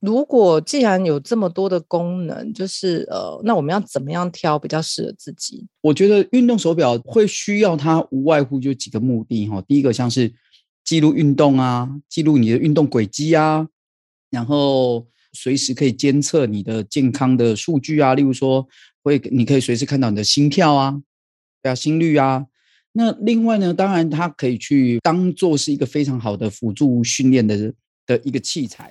如果既然有這麼多的功能，就是呃，那我們要怎麼樣挑比較適合自己？我覺得運動手表會需要它，無外乎就幾個目的哈、哦。第一個像是記錄運動啊，記錄你的運動軌跡啊，然後隨時可以監測你的健康的數據啊，例如說會你可以隨時看到你的心跳啊，對啊，心率啊。那另外呢，當然它可以去當做是一個非常好的輔助訓練的的一個器材。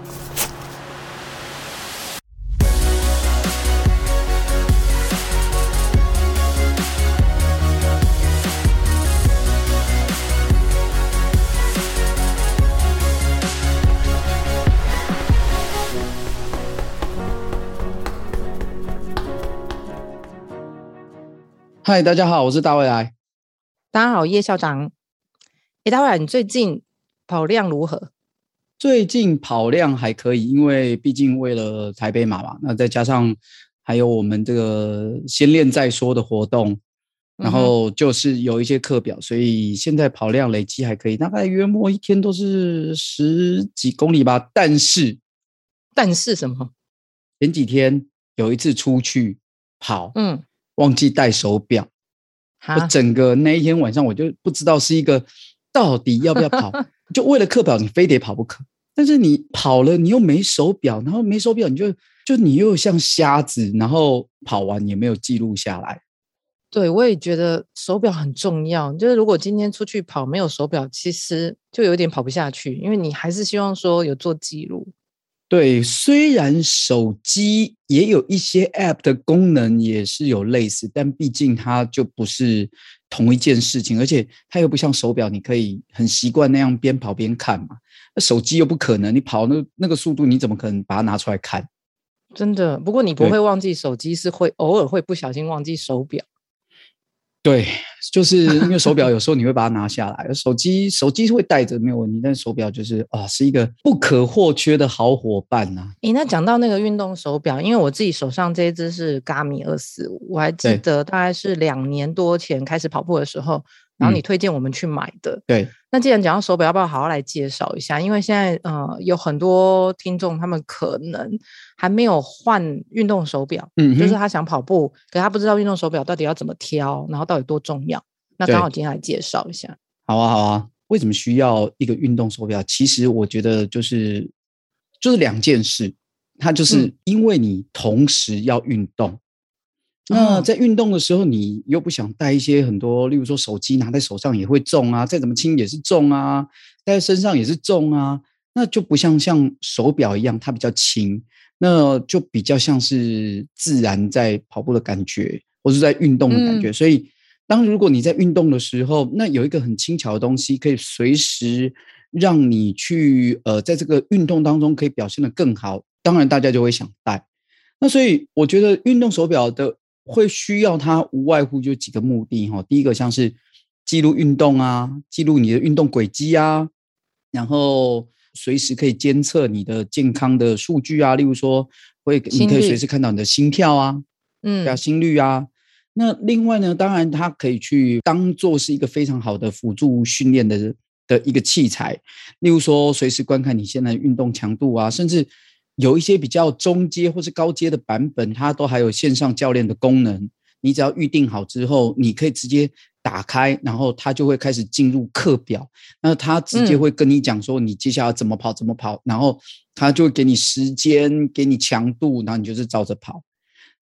嗨，大家好，我是大未來。大家好，葉校長。欸，大未來你最近跑量如何？最近跑量還可以，因為畢竟為了台北馬嘛，那再加上還有我們這個先練再說的活動，嗯，然後就是有一些課表，所以現在跑量累積還可以，大概約莫一天都是十幾公里吧。但是。但是什麼？前幾天有一次出去跑，嗯。忘記帶手錶，我整個那一天晚上我就不知道是一個到底要不要跑。 就為了課表你非得跑不可。但是你跑了，你又沒手錶，然後沒手錶，你就就你又像瞎子，然後跑完也沒有記錄下來。對，我也覺得手錶很重要。就是如果今天出去跑沒有手錶，其實就有點跑不下去，因為你還是希望說有做記錄。對，雖然手機也有一些 App 的功能也是有類似，但畢竟它就不是同一件事情，而且它又不像手錶，你可以很習慣那樣邊跑邊看嘛。那手機又不可能，你跑那那個速度，你怎麼可能把它拿出來看？真的，不過你不會忘記手機，是會偶爾會不小心忘記手錶。對，就是因為手錶有時候你會把它拿下來， 手機手機會帶着沒有問題，但手錶就是啊，是一個不可或缺的好夥伴吶、啊。哎，那講到那個運動手錶，因為我自己手上這一只是 Garmin 245，我還記得大概是兩年多前開始跑步的時候。然後你推薦我們去買的，嗯、對。那既然講到手表，要不要好好來介紹一下？因為現在呃，有很多聽眾他們可能還沒有換運動手表，嗯，就是他想跑步，可是他不知道運動手表到底要怎麼挑，然後到底多重要。那剛好今天來介紹一下，對。好啊，好啊。為什麼需要一個運動手表？其實我覺得就是就是兩件事，它就是因為你同時要運動。嗯那在運動的時候，你又不想帶一些很多，例如說手機拿在手上也會重啊，再怎麼輕也是重啊，戴在身上也是重啊。那就不像像手表一樣，它比較輕，那就比較像是自然在跑步的感覺，或是在運動的感覺。嗯、所以，當如果你在運動的時候，那有一個很輕巧的東西，可以隨時讓你去呃，在這個運動當中可以表現得更好，當然大家就會想戴。那所以我覺得運動手表的。會需要它，無外乎就幾個目的哈。第一個像是記錄運動啊、記錄你的運動軌跡啊，然後隨時可以監測你的健康的數據啊。例如說，會你可以隨時看到你的心跳啊，嗯，啊，心率啊、嗯。那另外呢，當然它可以去當做是一個非常好的輔助訓練的的一個器材。例如說，隨時觀看你現在的運動強度啊，甚至。有一些比較中階或是高階的版本，它都還有線上教練的功能。你只要預定好之後，你可以直接打開，然後它就會開始進入課表。那它直接會跟你講說，你接下來怎麼跑，嗯，怎麼跑，然後它就會給你時間，給你強度，然後你就是照着跑。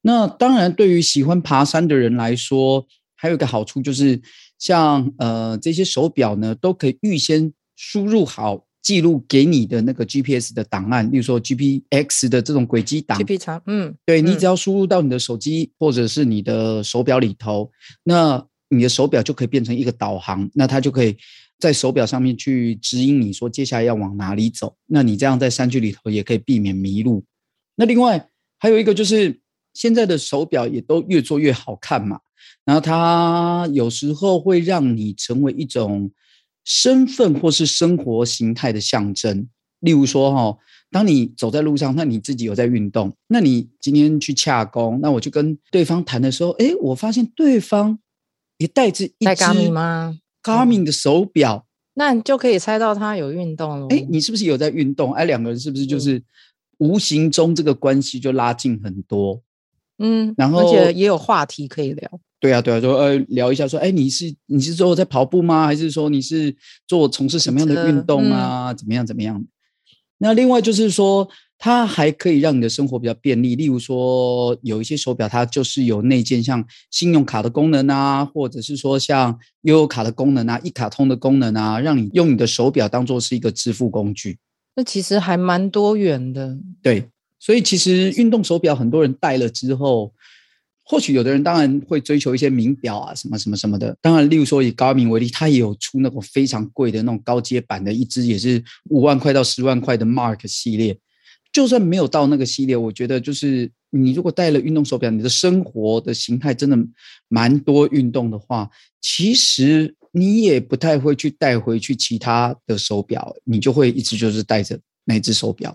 那當然，對於喜歡爬山的人來說，還有一個好處就是像，像呃這些手錶呢，都可以預先輸入好。記錄給你的那個 GPS 的檔案，例如說 GPX 的這種軌跡檔案。GPX，嗯，對，你只要輸入到你的手機或者是你的手錶裡頭，嗯，那你的手錶就可以變成一個導航，那它就可以在手錶上面去指引你說接下來要往哪裡走。那你這樣在山區裡頭也可以避免迷路。那另外還有一個就是現在的手錶也都越做越好看嘛，那它有時候會讓你成為一種。身份或是生活形態的象徵，例如說哈，當你走在路上，那你自己有在運動，那你今天去洽公，那我就跟對方談的時候，誒、欸，我發現對方也帶着一隻 Garmin 的手錶、嗯，那你就可以猜到他有運動了。誒、欸，你是不是有在運動？哎、啊，兩個人是不是就是無形中這個關係就拉近很多？嗯，然後而且也有話題可以聊。對啊，對啊，說呃，聊一下說，說哎，你是你是說我在跑步嗎？還是說你是做從事什麼樣的運動啊、嗯？怎麼樣怎麼樣？那另外就是說，它還可以讓你的生活比較便利。例如說，有一些手錶，它就是有內建像信用卡的功能啊，或者是說像悠遊卡的功能啊，一卡通的功能啊，讓你用你的手錶當做是一個支付工具。那其實還蠻多元的。對，所以其實運動手錶很多人戴了之後。或許有的人當然會追求一些名錶啊，什麼什麼什麼的。當然，例如說以高明為例，它也有出那個非常貴的那種高階版的一支，也是五萬塊到十萬塊的 Mark 系列。就算沒有到那個系列，我覺得就是你如果戴了運動手錶，你的生活的形態真的蠻多運動的話，其實你也不太會去帶回去其他的手錶，你就會一直就是戴着那支手錶。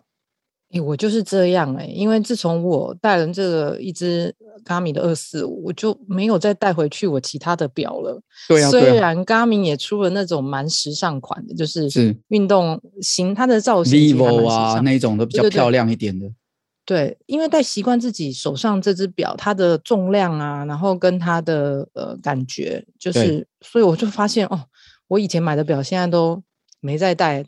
我就是這樣哎，因為自從我帶了這個一只 Garmin 的245，我就沒有再帶回去我其他的表了。對啊，雖然 Garmin 也出了那種蠻時尚款的，就是是運動型，它的造型 vivo 啊、嗯、那一種都比較漂亮一點的對對對。對，因為帶習慣自己手上這只表，它的重量啊，然後跟它的呃感覺，就是所以我就發現哦，我以前買的表現在都沒再帶。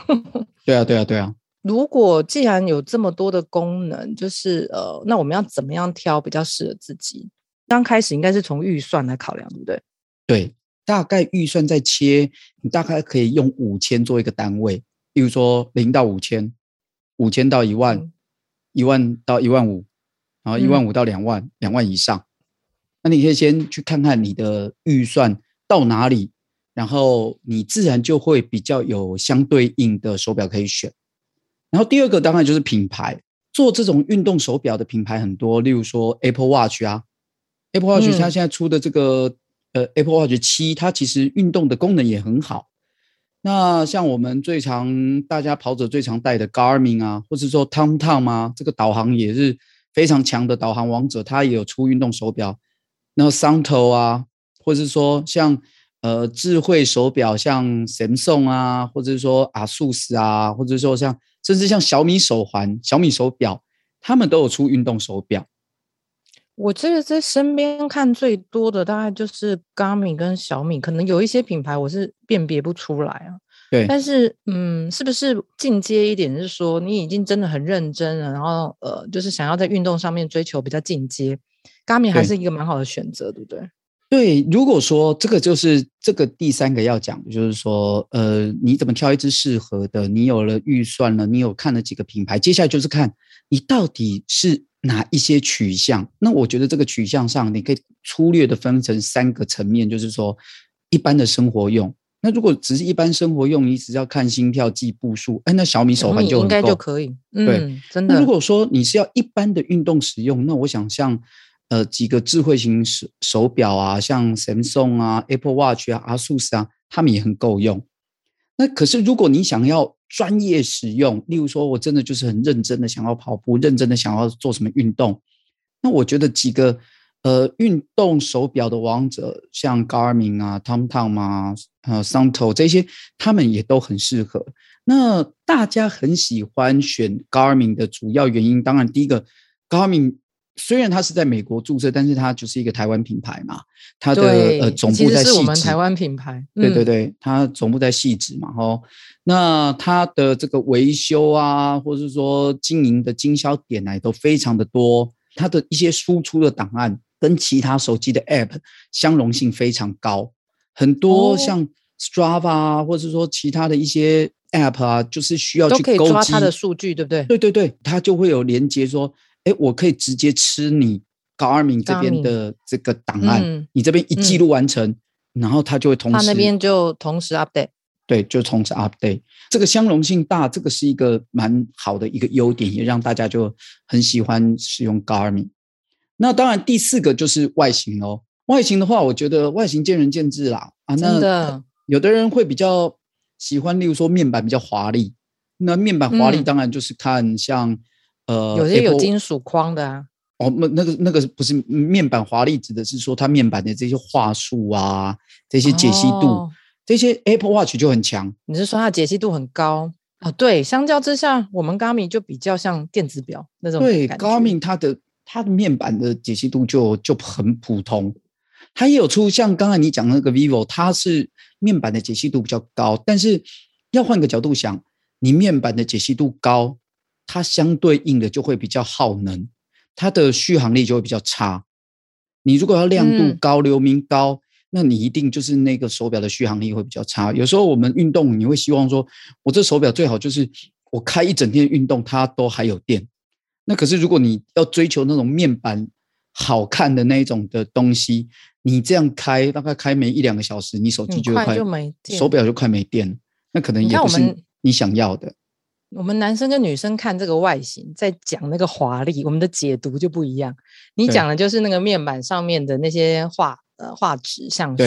對啊，對啊，對啊。如果既然有這麼多的功能，就是呃，那我們要怎麼樣挑比較適合自己？剛開始應該是從預算來考量，對不對？對，大概預算在切，你大概可以用五千做一個單位，例如說零到五千，五千到一萬，嗯，一萬到一萬五，然後一萬五到兩萬，嗯，兩萬以上。那你可以先去看看你的預算到哪裡，然後你自然就會比較有相對應的手表可以選。然後第二個當然就是品牌，做這種運動手錶的品牌很多，例如說 Apple Watch 啊，Apple Watch 它現在出的這個、嗯、呃 Apple Watch 七，它其實運動的功能也很好。那像我們最常大家跑者，最常戴的 Garmin 啊，或者說 TomTom 啊，這個導航也是非常強的導航王者，它也有出運動手錶。那 Suunto 啊，或者是說像呃智慧手錶，像 Samsung 啊，或者說 ASUS 啊，或者說像。甚至像小米手環、小米手錶，他們都有出運動手錶。我這個在身邊看最多的，大概就是 Garmin 跟小米，可能有一些品牌我是辨別不出來啊。對。但是，嗯，是不是進階一點？是說你已經真的很認真了，然後呃，就是想要在運動上面追求比較進階，Garmin 還是一個蠻好的選擇，對，對不對？對，如果說這個就是這個第三個要講的，就是說，呃，你怎麼挑一支適合的？你有了預算了，你有看了幾個品牌，接下來就是看你到底是哪一些取向。那我覺得這個取向上，你可以粗略的分成三個層面，就是說，一般的生活用。那如果只是一般生活用，你只要看心跳、計步數，哎，那小米手環就、嗯、應該就可以。嗯、對，真的。如果說你是要一般的運動使用，那我想像。呃，幾個智慧型手手錶啊，像 Samsung 啊、Apple Watch 啊、阿 u 斯啊，他們也很夠用。那可是，如果你想要專業使用，例如說我真的就是很認真的想要跑步，認真的想要做什麼運動，那我覺得幾個呃運動手錶的王者，像 Garmin 啊、TomTom Tom 啊、呃、s a n t o 這些，他們也都很適合。那大家很喜歡選 Garmin 的主要原因，當然第一個 Garmin。雖然它是在美國注冊，但是它就是一個台灣品牌嘛，它的、呃、總部在汐止，其實是我們台灣品牌，對對對。嗯、它總部在汐止嘛，哦，那它的這個維修啊，或者是說經營的經銷點呢，都非常的多。它的一些輸出的檔案跟其他手機的 App 相容性非常高，很多像 Strava 啊，哦、或者是說其他的一些 App 啊，就是需要去勾以它的數據，對不對？對對對，它就會有連接說。哎，我可以直接吃你 Garmin, Garmin 這邊的這個檔案，嗯，你這邊一記錄完成，嗯、然後他就會同時他那邊就同時 update，對，就同時 update。這個相容性大，這個是一個蠻好的一個優點，也讓大家就很喜歡使用 Garmin。那當然，第四個就是外形哦。外形的話，我覺得外形見仁見智啦。啊，那真的、呃、有的人會比較喜歡，例如說面板比較華麗。那面板華麗，當然就是看像、嗯。呃，有些有金屬框的啊。Apple, 哦，那那個那個不是面板華麗，指的是說它面板的這些畫素啊，這些解析度，哦、這些 Apple Watch 就很強。你是說它解析度很高啊、哦？對，相較之下，我們 Garmin 就比較像電子表那種。對，Garmin 它的它的面板的解析度就就很普通。它也有出像剛才你講那個 Vivo，它是面板的解析度比較高，但是要換個角度想，你面板的解析度高。它相對應的就會比較耗能，它的續航力就會比較差。你如果要亮度高，嗯、流明高，那你一定就是那個手錶的續航力會比較差。有時候我們運動，你會希望說我這手錶最好就是我開一整天運動，它都還有電。那可是如果你要追求那種面板好看的那一種的東西，你這樣開大概開沒一兩個小時，你手機就會快，快就沒，手錶就快沒電，那可能也不是你想要的。我們男生跟女生看這個外形，在講那個華麗，我們的解讀就不一樣。你講的就是那個面板上面的那些畫呃畫質像素，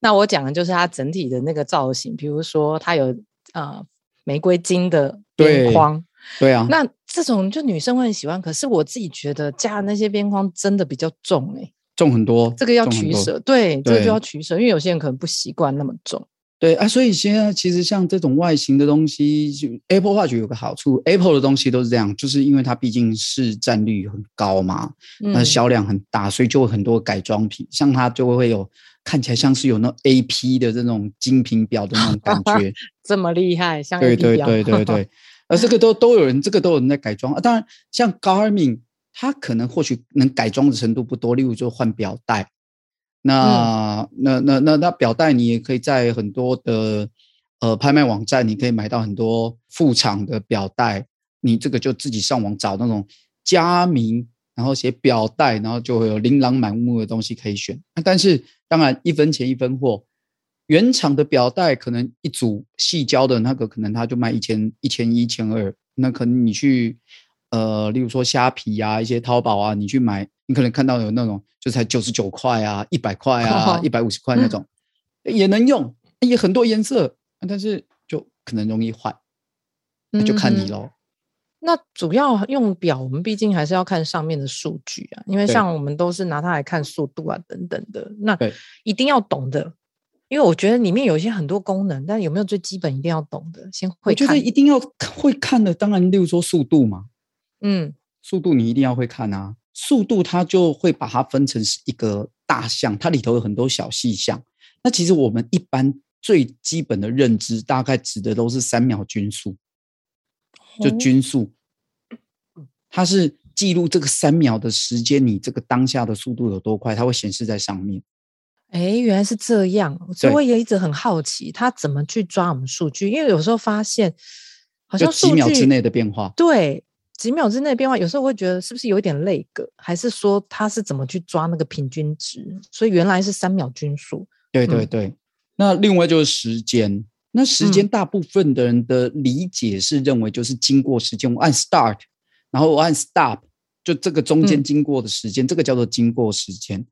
那我講的就是它整體的那個造型。比如說它有呃玫瑰金的邊框對，對啊，那這種就女生會很喜歡。可是我自己覺得加的那些邊框真的比較重誒、欸，重很多。這個要取捨，對，這個就要取捨，因為有些人可能不習慣那麼重。對啊，所以現在其實像這種外形的東西，就 Apple Watch 就有個好處，Apple 的東西都是這樣，就是因為它畢竟市佔率很高嘛，那、嗯、銷量很大，所以就有很多改裝品。像它就會有看起來像是有那 A P 的這種精品錶的那種感覺， 這麼厲害，像 A P 對對對對對， 而這個都都有人，這個都有人在改裝、啊。當然，像 Garmin，它可能或許能改裝的程度不多，例如就換錶帶。那、嗯、那那那那，那錶帶你也可以在很多的呃拍賣網站，你可以買到很多副廠的錶帶。你這個就自己上網找那種佳明，然後寫錶帶，然後就會有琳琅滿目的東西可以選。啊、但是當然一分錢一分貨，原廠的錶帶可能一組細膠的那個，可能它就賣一千一千一千二，那可能你去。呃，例如說蝦皮呀、啊，一些淘寶啊，你去買，你可能看到有那種就才九十九塊啊，一百塊啊，一百五十塊那種好好、嗯、也能用，也很多顏色，但是就可能容易壞，那就看你嘍、嗯。那主要用錶，我們畢竟還是要看上面的數據啊，因為像我們都是拿它來看速度啊等等的，那一定要懂的，因為我覺得裡面有一些很多功能，但有沒有最基本一定要懂的？先會看，我覺得一定要會看的，當然，例如說速度嘛。嗯，速度你一定要會看啊！速度它就會把它分成是一個大項，它裡頭有很多小細項。那其實我們一般最基本的認知，大概指的都是三秒均速，就均速，哦、它是記錄這個三秒的時間，你這個當下的速度有多快，它會顯示在上面。哎、欸，原來是這樣。所以我也一直很好奇，它怎麼去抓我們數據，因為有時候發現好像幾秒之內的變化，對。幾秒之內變化，有時候我會覺得是不是有點累格？還是說他是怎麼去抓那個平均值？所以原來是三秒均數。對對對、嗯。那另外就是時間，那時間大部分的人的理解是認為就是經過時間、嗯，我按 start，然後我按 stop，就這個中間經過的時間、嗯，這個叫做經過時間。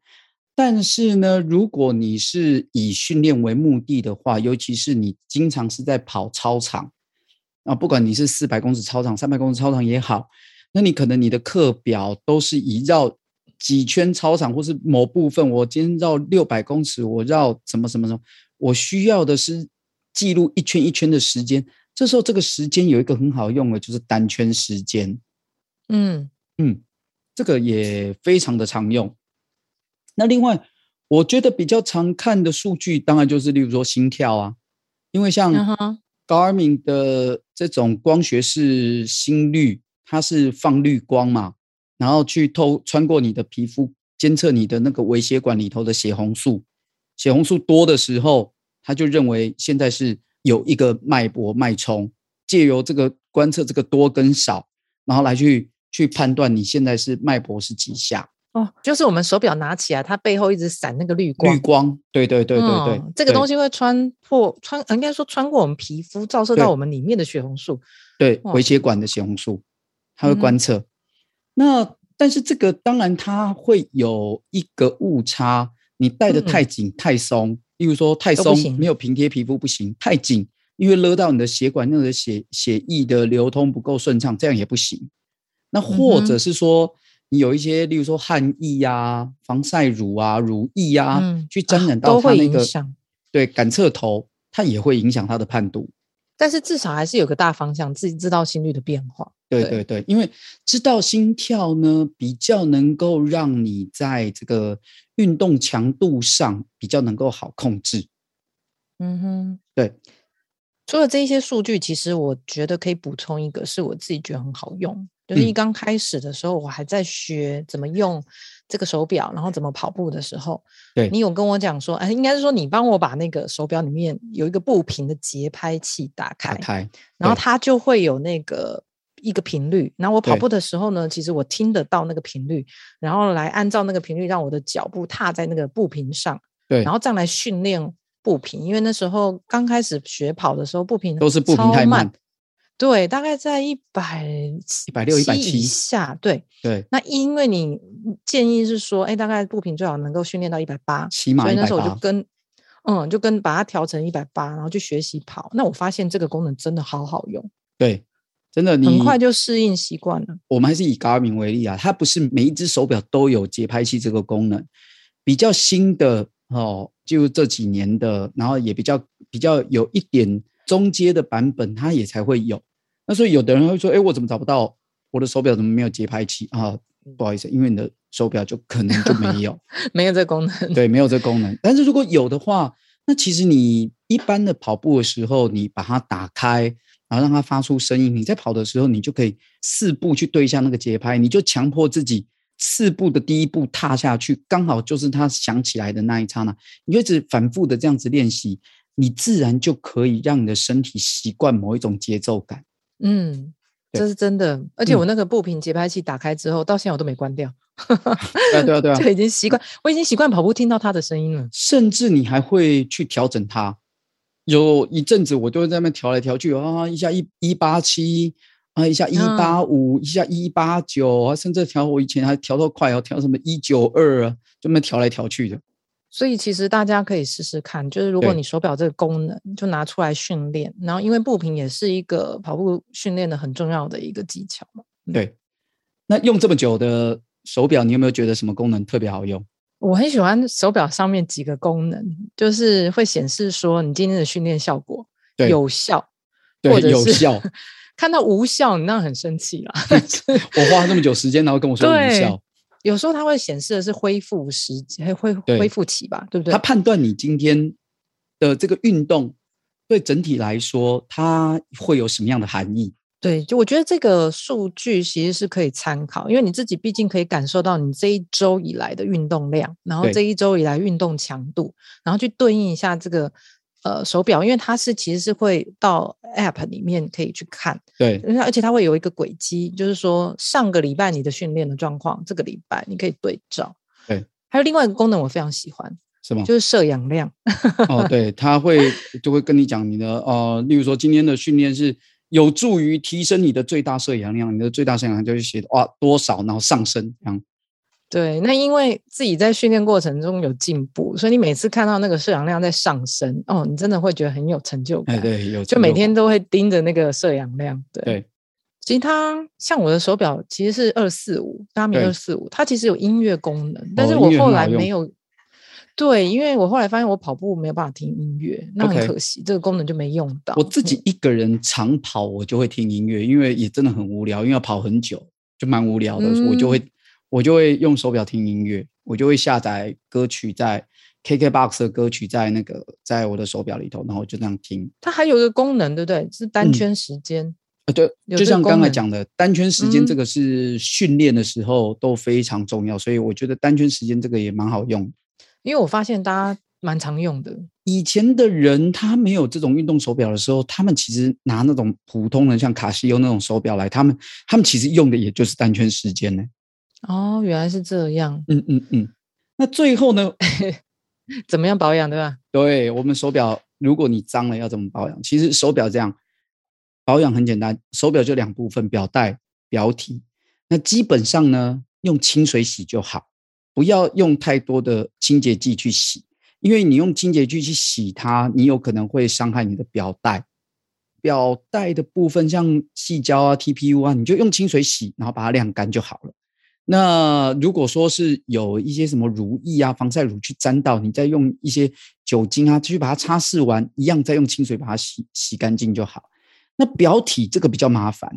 但是呢，如果你是以訓練為目的的話，尤其是你經常是在跑操場。啊，不管你是四百公尺操場、三百公尺操場也好，那你可能你的課表都是以繞幾圈操場，或是某部分。我今天繞六百公尺，我繞什麼什麼什麼？我需要的是記錄一圈一圈的時間。這時候，這個時間有一個很好用的就是單圈時間。嗯嗯，這個也非常的常用。那另外，我覺得比較常看的數據，當然就是例如說心跳啊，因為像。嗯 Garmin 的這種光學式心率，它是放綠光嘛，然後去透穿過你的皮膚，監測你的那個微血管裡頭的血紅素，血紅素多的時候，它就認為現在是有一個脈搏脈衝，借由這個觀測這個多跟少，然後來去去判斷你現在是脈搏是幾下。哦，就是我們手錶拿起來，它背後一直閃那個綠光。綠光，對對對對對，嗯、對這個東西會穿破穿，應該說穿過我們皮膚，照射到我們裡面的血紅素。對，回血管的血紅素，它會觀測。嗯、那但是這個當然它會有一個誤差，你戴得太緊嗯嗯太鬆，例如說太鬆沒有平貼皮膚不行，太緊因為勒到你的血管，那個血血液的流通不夠順暢，這樣也不行。那或者是說。嗯嗯有一些，例如說汗液呀、啊、防曬乳啊、乳液呀、啊嗯，去沾染到它那個，啊、都會影響，對，感測頭它也會影響它的判讀。但是至少還是有個大方向，自己知道心率的變化。對對對，對因為知道心跳呢，比較能夠讓你在這個運動強度上比較能夠好控制。嗯哼，對。除了這一些數據，其實我覺得可以補充一個，是我自己覺得很好用。就是一剛開始的時候，嗯，我還在學怎麼用這個手錶，然後怎麼跑步的時候，對，你有跟我講說，哎，應該是說你幫我把那個手錶裡面有一個步頻的節拍器打開，打開，然後它就會有那個一個頻率，然後我跑步的時候呢，其實我聽得到那個頻率，然後來按照那個頻率讓我的腳步踏在那個步頻上，對，然後再來訓練步頻，因為那時候剛開始學跑的時候，步頻都是步頻太慢。對，大概在一百一百六、一百七以下。對，對。那因為你建議是說，哎，大概步頻最好能夠訓練到一百八，起碼一百八。所以那時候我就跟，嗯，就跟把它調成一百八，然後就學習跑。那我發現這個功能真的好好用。對，真的你很快就適應習慣了。我們還是以 Garmin 為例啊，它不是每一隻手錶都有節拍器這個功能，比較新的哦，就這幾年的，然後也比較比較有一點中階的版本，它也才會有。那所以有的人會說：“哎、欸，我怎麼找不到我的手錶？怎麼沒有節拍器啊？”不好意思，因為你的手錶就可能就沒有， 沒有這功能。對，沒有這功能。但是如果有的話，那其實你一般的跑步的時候，你把它打開，然後讓它發出聲音，你在跑的時候，你就可以四步去對一下那個節拍，你就強迫自己四步的第一步踏下去，剛好就是它響起來的那一剎那。你就一直反復的這樣子練習。你自然就可以讓你的身體習慣某一種節奏感。嗯，這是真的。而且我那個步頻節拍器打開之後、嗯，到現在我都沒關掉。 啊對啊，對啊，就已經習慣、嗯，我已經習慣跑步聽到它的聲音了。甚至你還會去調整它。有一陣子我都在那邊調來調去，啊，一下一一八七，啊，一下一八五，一下一八九，甚至調我以前還調到快，要調什麼一九二啊，就那邊調來調去的。所以其實大家可以試試看，就是如果你手錶這個功能就拿出來訓練，然後因為步頻也是一個跑步訓練的很重要的一個技巧嘛、嗯。對，那用這麼久的手錶，你有沒有覺得什麼功能特別好用？我很喜歡手錶上面幾個功能，就是會顯示說你今天的訓練效果有效，對對或者是有效 看到無效，你那很生氣啦， 我花這麼久時間，然後跟我說無效。有時候它會顯示的是恢復時，恢恢復期吧，對，對不對？它判斷你今天的這個運動，對整體來說，它會有什麼樣的含義？對，就我覺得這個數據其實是可以參考，因為你自己畢竟可以感受到你這一週以來的運動量，然後這一週以來運動強度，然後去對應一下這個。呃，手錶，因為它是其實是會到 App 裡面可以去看，對，而且它會有一個軌跡，就是說上個禮拜你的訓練的狀況，這個禮拜你可以對照。對，還有另外一個功能我非常喜歡，是嗎？就是攝氧量。哦，對，它 會就會跟你講你的呃，例如說今天的訓練是有助於提升你的最大攝氧量，你的最大攝氧量就是寫哇多少，然後上升這樣。對，那因為自己在訓練過程中有進步，所以你每次看到那個攝氧量在上升，哦，你真的會覺得很有成就感。哎、對，有成就，就每天都會盯着那個攝氧量。對，對其實它像我的手錶，其實是二四五，它沒二四五，它其實有音樂功能，哦、但是我後來沒有。對，因為我後來發現我跑步沒有辦法聽音樂，那很可惜，okay、這個功能就沒用到。我自己一個人長跑，我就會聽音樂，嗯，因為也真的很無聊，因為要跑很久，就蠻無聊的時候，嗯，我就會。我就會用手錶聽音樂，我就會下載歌曲在 KKBOX 的歌曲在那個在我的手錶裡頭，然後就這樣聽。它還有一個功能，對不對？是單圈時間啊、嗯，對。就像剛才講的單圈時間，這個是訓練的時候都非常重要、嗯，所以我覺得單圈時間這個也蠻好用。因為我發現大家蠻常用的。以前的人他沒有這種運動手錶的時候，他們其實拿那種普通的像卡西歐那種手錶來，他們他們其實用的也就是單圈時間呢、欸。哦，原來是這樣。嗯嗯嗯，那最後呢， 怎麼樣保養對吧？對，我們手表，如果你髒了，要怎麼保養？其實手表這樣保養很簡單，手表就兩部分：表帶、表體。那基本上呢，用清水洗就好，不要用太多的清潔劑去洗，因為你用清潔劑去洗它，你有可能會傷害你的表帶。表帶的部分像矽膠啊、TPU 啊，你就用清水洗，然後把它晾乾就好了。那如果說是有一些什麼乳液啊、防曬乳去沾到，你再用一些酒精啊去把它擦拭完，一樣再用清水把它洗洗乾淨就好。那錶體這個比較麻煩，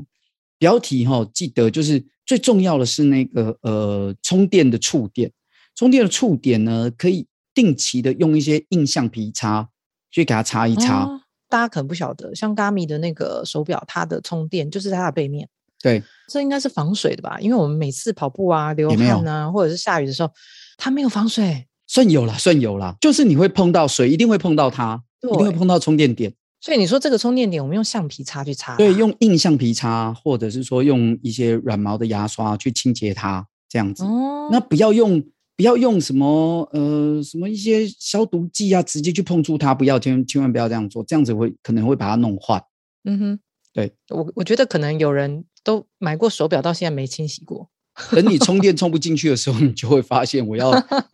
錶體哈、哦，記得就是最重要的是那個呃充電的觸點，充電的觸點呢可以定期的用一些硬橡皮擦去給它擦一擦、啊。大家可能不曉得，像 Garmin 的那個手錶，它的充電就是在它的背面。對，這應該是防水的吧？因為我們每次跑步啊、流汗啊，或者是下雨的時候，它沒有防水。算有啦，算有啦，就是你會碰到水，一定會碰到它對、欸，一定會碰到充電點。所以你說這個充電點，我們用橡皮擦去擦。對，用硬橡皮擦，或者是說用一些軟毛的牙刷去清潔它，這樣子、哦。那不要用，不要用什麼呃什麼一些消毒劑啊，直接去碰觸它，不要千千萬不要這樣做，這樣子會可能會把它弄壞。嗯哼，對我我覺得可能有人都買過手錶，到現在沒清洗過。等你充電充不進去的時候， 你就會發現，我要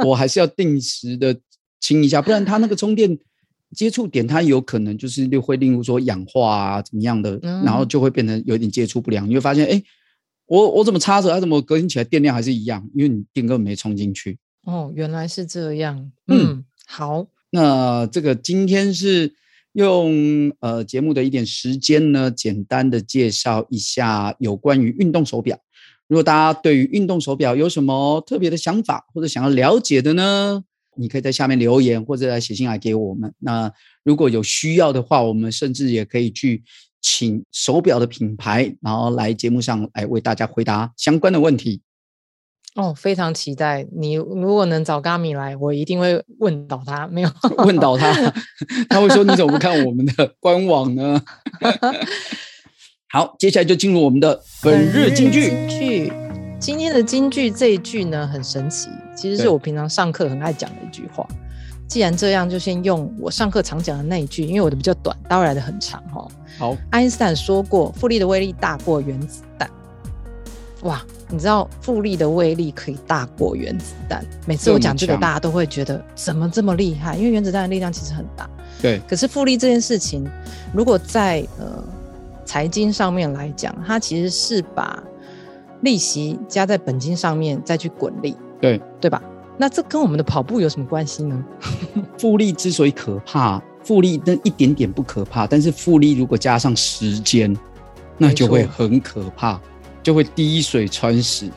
我還是要定時的清一下， 不然它那個充電接觸點，它有可能就是就會例如說氧化啊怎麼樣的、嗯，然後就會變成有點接觸不良。你會發現，哎、欸，我我怎麼插着它怎麼隔音起來電量還是一樣，因為你電根本沒充進去。哦，原來是這樣。嗯，嗯好，那這個今天是。用呃節目的一點時間呢，簡單的介紹一下有關於運動手錶。如果大家對於運動手錶有什麼特別的想法，或者想要了解的，呢？你可以在下面留言，或者來寫信來給我們。那如果有需要的話，我們甚至也可以去請手錶的品牌，然後來節目上來為大家回答相關的問題。哦、oh，非常期待你如果能找嘎米來，我一定會問到他。沒有問到他，他會說你怎麼不看我們的官網呢？ 好，接下來就進入我們的本日金句。今天的金句這一句呢，很神奇，其實是我平常上課很愛講的一句話。既然這樣，就先用我上課常講的那一句，因為我的比較短，當然來的很長哦，好，愛因斯坦說過，複利的威力大過原子彈。哇，你知道複利的威力可以大過原子彈。每次我講這個，大家都會覺得怎麼這麼厲害？因為原子彈的力量其實很大。對。可是複利這件事情，如果在呃財經上面來講，它其實是把利息加在本金上面再去滾利。對，對吧？那這跟我們的跑步有什麼關係呢？複利之所以可怕，複利那一點點不可怕，但是複利如果加上時間，那就會很可怕。就會滴水穿石，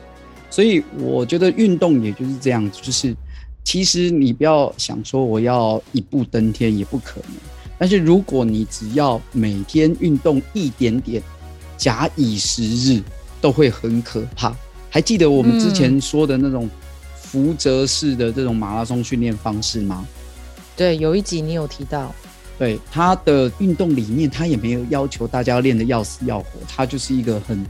所以我覺得運動也就是這樣，就是其實你不要想說我要一步登天，也不可能，但是如果你只要每天運動一點點，假以時日都會很可怕。還記得我們之前說的那種福澤式的這種馬拉松訓練方式嗎？嗯、對，有一集你有提到，對，他的運動理念，他也沒有要求大家練得要死要活，他就是一個很。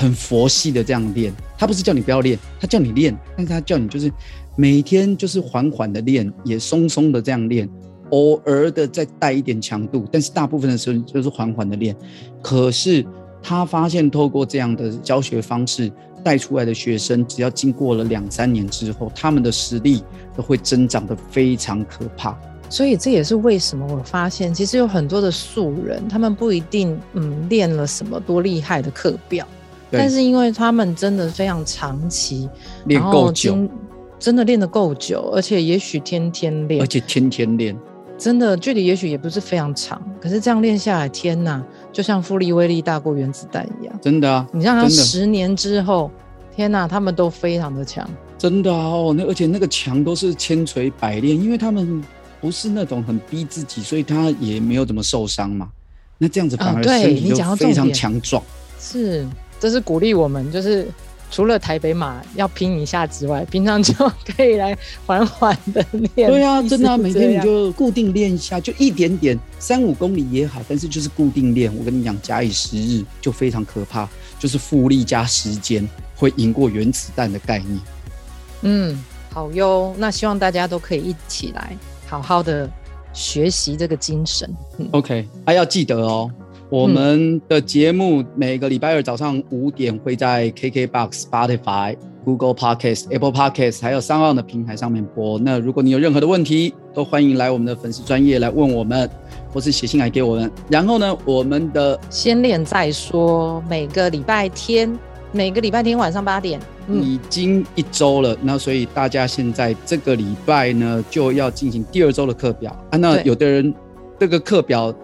很佛系的這樣練，他不是叫你不要練，他叫你練，但是他叫你就是每天就是緩緩的練，也鬆鬆的這樣練，偶爾的再帶一點強度，但是大部分的時候就是緩緩的練。可是他發現，透過這樣的教學方式帶出來的學生，只要經過了兩三年之後，他們的實力都會增長得非常可怕。所以這也是為什麼我發現，其實有很多的素人，他們不一定嗯練了什麼多厲害的課表。但是因為他們真的非常長期，練夠久，真的練得夠久，而且也許天天練，而且天天練，真的距離也許也不是非常長，可是這樣練下來，天吶、啊，就像複利威力大過原子彈一樣，真的啊，你讓他十年之後，天吶、啊，他們都非常的強，真的哦、啊，那而且那個強都是千錘百煉，因為他們不是那種很逼自己，所以他也沒有怎麼受傷嘛，那這樣子反而身體、呃、就非常強壯，是。這是鼓勵我們，就是除了台北馬要拼一下之外，平常就可以來緩緩的練，啊。對啊，真的啊，每天你就固定練一下，就一點點，三五公里也好，但是就是固定練。我跟你講，假以時日，就非常可怕，就是複利加時間會贏過原子彈的概念。嗯，好喲，那希望大家都可以一起來好好的學習這個精神。OK，還要記得哦。我們的節目每個禮拜二早上五點會在 KKBOX、Spotify、Google Podcast、Apple Podcasts，還有 SoundOn 的平台上面播。那如果你有任何的問題，都歡迎來我們的粉絲專頁來問我們，或是寫信來給我們。然後呢，我們的先練再說，每個禮拜天，每個禮拜天晚上八點，已經一周了。那所以大家現在這個禮拜呢，就要進行第二周的課表啊。那有的人這個課表。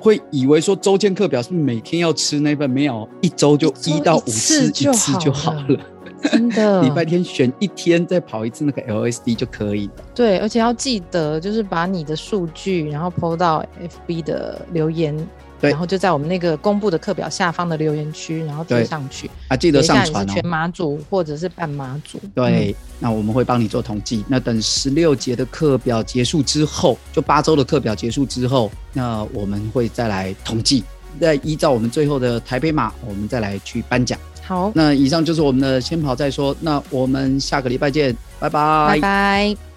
會以為說，週間課表示每天要吃那份，沒有，一周就一到五次，一次就好了。好了 真的。禮拜天選一天再跑一次那個 LSD 就可以了。對，而且要記得就是把你的數據然後 po 到 FB 的留言，然後就在我們那個公布的課表下方的留言區，然後貼上去啊，記得上傳哦。全馬組或者是半馬組，對，嗯，那我們會幫你做統計。那等十六節的課表結束之後，就八周的課表結束之後，那我們會再來統計，再依照我們最後的台北馬，我們再來去頒獎。好，那以上就是我們的先跑再說，那我們下個禮拜見，拜拜，拜拜。